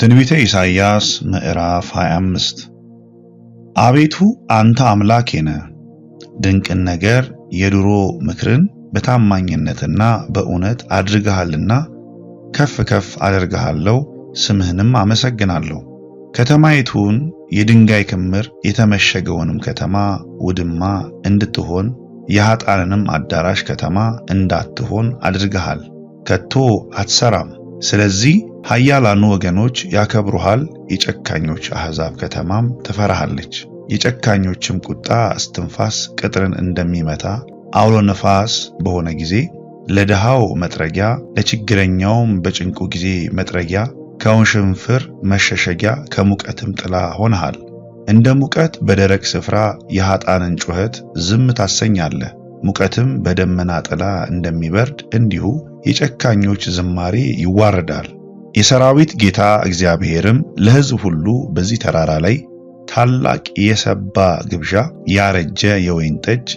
ትንቢተ ኢሳይያስ ምዕራፍ 25 አቤቱ አንተ አምላኬ ነህ፣ ድንቅን ነገር የድሮ ምክርን በታማኝነትና በእውነት አድርገሃልና ከፍ ከፍ አደርግሃለሁ፣ ስምህንም አመሰግናለሁ። ከተማይቱን የድንጋይ ክምር የተመሸገውንም ከተማ ውድማ እንድትሆን የኃጣንንም አዳራሽ ከተማ እንዳትሆን አድርገሃል፣ ከቶ አትሰራም። ስለዚህ ኃያላኑ ወገኖች ያከብሩሃል፣ የጨካኞች አሕዛብ ከተማም ትፈራሃለች። የጨካኞችም ቁጣ እስትንፋስ ቅጥርን እንደሚመታ አውሎ ነፋስ በሆነ ጊዜ ለድሃው መጥረጊያ ለችግረኛውም በጭንቁ ጊዜ መጥረጊያ ከውሽንፍር መሸሸጊያ ከሙቀትም ጥላ ሆነሃል። እንደ ሙቀት በደረቅ ስፍራ የኃጣንን ጩኸት ዝም ታሰኛለህ። ሙቀትም በደመና ጥላ እንደሚበርድ እንዲሁ የጨካኞች ዝማሬ ይዋረዳል። የሰራዊት ጌታ እግዚአብሔርም ለሕዝብ ሁሉ በዚህ ተራራ ላይ ታላቅ የሰባ ግብዣ፣ ያረጀ የወይን ጠጅ፣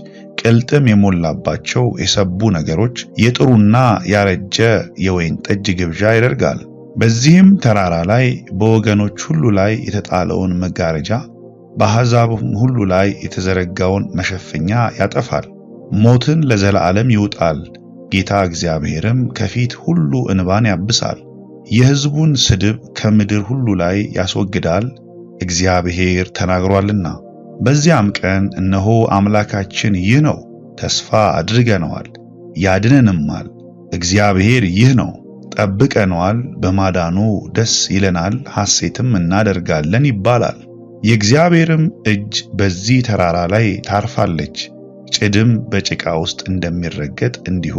ቅልጥም የሞላባቸው የሰቡ ነገሮች፣ የጥሩና ያረጀ የወይን ጠጅ ግብዣ ያደርጋል። በዚህም ተራራ ላይ በወገኖች ሁሉ ላይ የተጣለውን መጋረጃ በአሕዛብም ሁሉ ላይ የተዘረጋውን መሸፈኛ ያጠፋል። ሞትን ለዘላለም ይውጣል። ጌታ እግዚአብሔርም ከፊት ሁሉ እንባን ያብሳል፣ የሕዝቡን ስድብ ከምድር ሁሉ ላይ ያስወግዳል፣ እግዚአብሔር ተናግሯልና። በዚያም ቀን እነሆ አምላካችን ይህ ነው፣ ተስፋ አድርገነዋል፣ ያድነንማል። እግዚአብሔር ይህ ነው፣ ጠብቀነዋል፣ በማዳኑ ደስ ይለናል፣ ሐሴትም እናደርጋለን ይባላል። የእግዚአብሔርም እጅ በዚህ ተራራ ላይ ታርፋለች። ጭድም በጭቃ ውስጥ እንደሚረገጥ እንዲሁ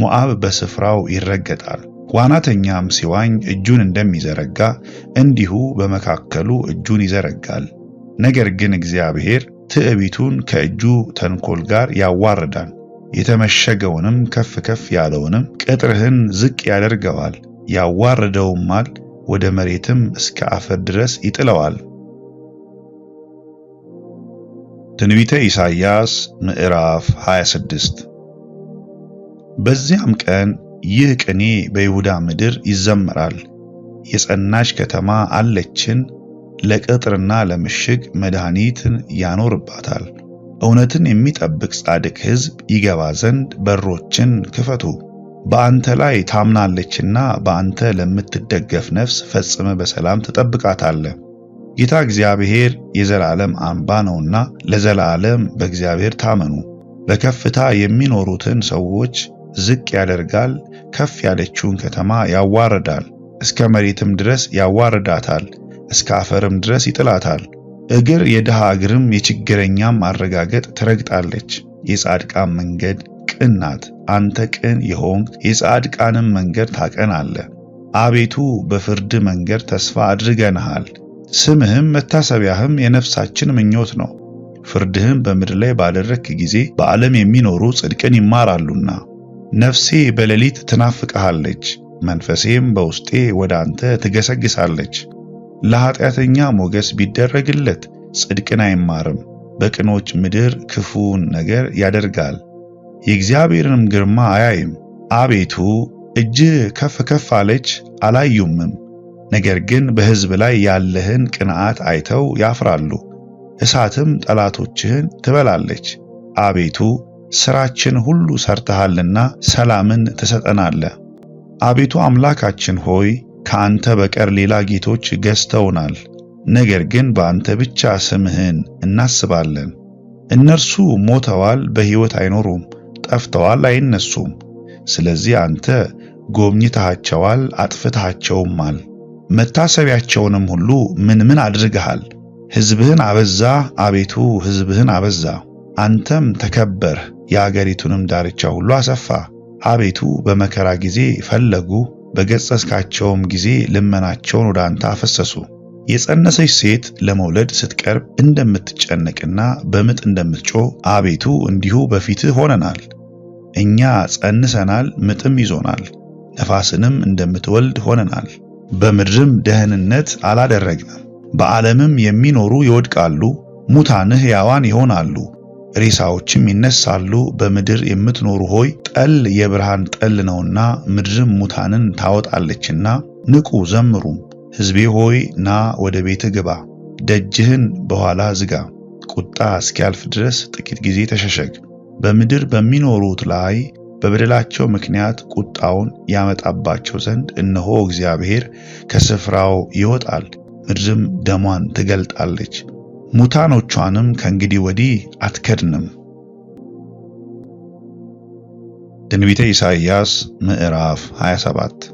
ሞዓብ በስፍራው ይረገጣል። ዋናተኛም ሲዋኝ እጁን እንደሚዘረጋ እንዲሁ በመካከሉ እጁን ይዘረጋል። ነገር ግን እግዚአብሔር ትዕቢቱን ከእጁ ተንኮል ጋር ያዋርዳል። የተመሸገውንም ከፍ ከፍ ያለውንም ቅጥርህን ዝቅ ያደርገዋል፣ ያዋርደውማል፣ ወደ መሬትም እስከ አፈር ድረስ ይጥለዋል። ትንቢተ ኢሳይያስ ምዕራፍ 26 በዚያም ቀን ይህ ቅኔ በይሁዳ ምድር ይዘመራል። የጸናች ከተማ አለችን፣ ለቅጥርና ለምሽግ መድኃኒትን ያኖርባታል። እውነትን የሚጠብቅ ጻድቅ ሕዝብ ይገባ ዘንድ በሮችን ክፈቱ። በአንተ ላይ ታምናለችና በአንተ ለምትደገፍ ነፍስ ፈጽመ በሰላም ትጠብቃታለህ። ጌታ እግዚአብሔር የዘላለም አምባ ነውና ለዘላለም በእግዚአብሔር ታመኑ። በከፍታ የሚኖሩትን ሰዎች ዝቅ ያደርጋል፣ ከፍ ያለችውን ከተማ ያዋርዳል፣ እስከ መሬትም ድረስ ያዋርዳታል፣ እስከ አፈርም ድረስ ይጥላታል። እግር የድሃ እግርም የችግረኛም ማረጋገጥ ትረግጣለች። የጻድቃን መንገድ ቅን ናት። አንተ ቅን የሆንክ የጻድቃንም መንገድ ታቀናለ። አቤቱ በፍርድ መንገድ ተስፋ አድርገንሃል። ስምህም መታሰቢያህም የነፍሳችን ምኞት ነው። ፍርድህም በምድር ላይ ባደረክ ጊዜ በዓለም የሚኖሩ ጽድቅን ይማራሉና። ነፍሴ በሌሊት ትናፍቅሃለች፣ መንፈሴም በውስጤ ወደ አንተ ትገሰግሳለች። ለኃጢአተኛ ሞገስ ቢደረግለት ጽድቅን አይማርም፣ በቅኖች ምድር ክፉውን ነገር ያደርጋል፣ የእግዚአብሔርንም ግርማ አያይም። አቤቱ እጅ ከፍ ከፍ አለች፣ አላዩምም። ነገር ግን በሕዝብ ላይ ያለህን ቅንዓት አይተው ያፍራሉ፣ እሳትም ጠላቶችህን ትበላለች። አቤቱ ሥራችን ሁሉ ሰርተሃልና ሰላምን ትሰጠናለ። አቤቱ አምላካችን ሆይ ከአንተ በቀር ሌላ ጌቶች ገዝተውናል፣ ነገር ግን በአንተ ብቻ ስምህን እናስባለን። እነርሱ ሞተዋል፣ በሕይወት አይኖሩም፣ ጠፍተዋል፣ አይነሱም። ስለዚህ አንተ ጎብኝተሃቸዋል፣ አጥፍተሃቸውማል። መታሰቢያቸውንም ሁሉ ምን ምን አድርገሃል? ሕዝብህን አበዛ፣ አቤቱ ሕዝብህን አበዛ። አንተም ተከበርህ፣ የአገሪቱንም ዳርቻ ሁሉ አሰፋ። አቤቱ በመከራ ጊዜ ፈለጉ፣ በገጸስካቸውም ጊዜ ልመናቸውን ወደ አንተ አፈሰሱ። የጸነሰች ሴት ለመውለድ ስትቀርብ እንደምትጨነቅና በምጥ እንደምትጮህ አቤቱ እንዲሁ በፊትህ ሆነናል። እኛ ጸንሰናል፣ ምጥም ይዞናል፣ ነፋስንም እንደምትወልድ ሆነናል። በምድርም ደህንነት አላደረግንም። በዓለምም የሚኖሩ ይወድቃሉ፣ ሙታን ሕያዋን ይሆናሉ፣ ሬሳዎችም ይነሳሉ። በምድር የምትኖሩ ሆይ ጠል የብርሃን ጠል ነውና ምድርም ሙታንን ታወጣለችና ንቁ ዘምሩም። ሕዝቤ ሆይ ና ወደ ቤት ግባ፣ ደጅህን በኋላ ዝጋ፣ ቁጣ እስኪያልፍ ድረስ ጥቂት ጊዜ ተሸሸግ። በምድር በሚኖሩት ላይ በበደላቸው ምክንያት ቁጣውን ያመጣባቸው ዘንድ እነሆ እግዚአብሔር ከስፍራው ይወጣል፣ ምድርም ደሟን ትገልጣለች፣ ሙታኖቿንም ከእንግዲህ ወዲህ አትከድንም። ትንቢተ ኢሳይያስ ምዕራፍ 27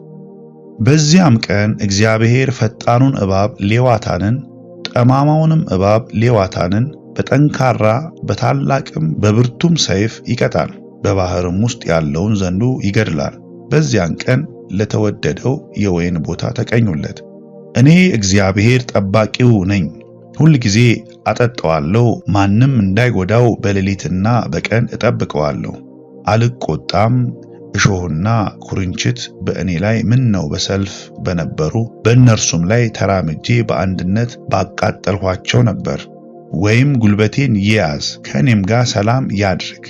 በዚያም ቀን እግዚአብሔር ፈጣኑን እባብ ሌዋታንን ጠማማውንም እባብ ሌዋታንን በጠንካራ በታላቅም በብርቱም ሰይፍ ይቀጣል። በባህርም ውስጥ ያለውን ዘንዶ ይገድላል። በዚያን ቀን ለተወደደው የወይን ቦታ ተቀኙለት። እኔ እግዚአብሔር ጠባቂው ነኝ፣ ሁል ጊዜ አጠጣዋለሁ፣ ማንም እንዳይጎዳው በሌሊትና በቀን እጠብቀዋለሁ። አልቆጣም። እሾህና ኩርንችት በእኔ ላይ ምን ነው በሰልፍ በነበሩ በእነርሱም ላይ ተራምጄ በአንድነት ባቃጠልኋቸው ነበር። ወይም ጉልበቴን ይያዝ ከእኔም ጋር ሰላም ያድርግ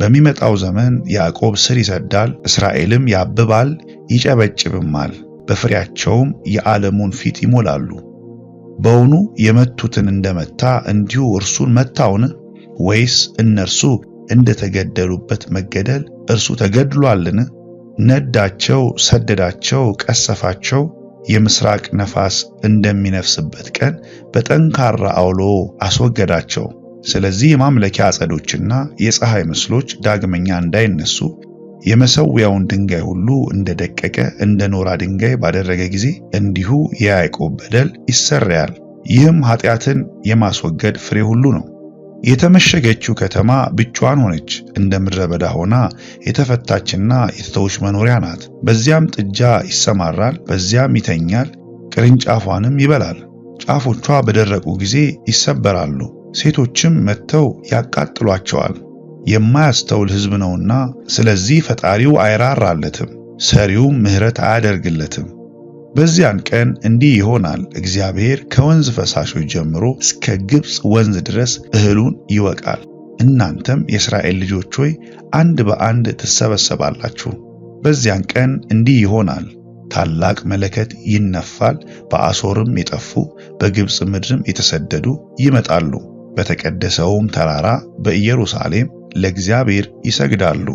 በሚመጣው ዘመን ያዕቆብ ስር ይሰዳል፣ እስራኤልም ያብባል ይጨበጭብማል፣ በፍሬያቸውም የዓለሙን ፊት ይሞላሉ። በውኑ የመቱትን እንደመታ እንዲሁ እርሱን መታውን? ወይስ እነርሱ እንደተገደሉበት መገደል እርሱ ተገድሏልን? ነዳቸው፣ ሰደዳቸው፣ ቀሰፋቸው። የምስራቅ ነፋስ እንደሚነፍስበት ቀን በጠንካራ አውሎ አስወገዳቸው። ስለዚህ የማምለኪያ አጸዶችና የፀሐይ ምስሎች ዳግመኛ እንዳይነሱ የመሰዊያውን ድንጋይ ሁሉ እንደደቀቀ እንደ ኖራ ድንጋይ ባደረገ ጊዜ እንዲሁ የያዕቆብ በደል ይሰረያል። ይህም ኃጢአትን የማስወገድ ፍሬ ሁሉ ነው። የተመሸገችው ከተማ ብቻዋን ሆነች፣ እንደ ምድረ በዳ ሆና የተፈታችና የተተወች መኖሪያ ናት። በዚያም ጥጃ ይሰማራል፣ በዚያም ይተኛል፣ ቅርንጫፏንም ይበላል። ጫፎቿ በደረቁ ጊዜ ይሰበራሉ፣ ሴቶችም መጥተው ያቃጥሏቸዋል። የማያስተውል ሕዝብ ነውና፣ ስለዚህ ፈጣሪው አይራራለትም፣ ሰሪውም ምሕረት አያደርግለትም። በዚያን ቀን እንዲህ ይሆናል፤ እግዚአብሔር ከወንዝ ፈሳሾች ጀምሮ እስከ ግብፅ ወንዝ ድረስ እህሉን ይወቃል። እናንተም የእስራኤል ልጆች ሆይ አንድ በአንድ ትሰበሰባላችሁ። በዚያን ቀን እንዲህ ይሆናል፤ ታላቅ መለከት ይነፋል፤ በአሦርም የጠፉ በግብፅ ምድርም የተሰደዱ ይመጣሉ። በተቀደሰውም ተራራ በኢየሩሳሌም ለእግዚአብሔር ይሰግዳሉ።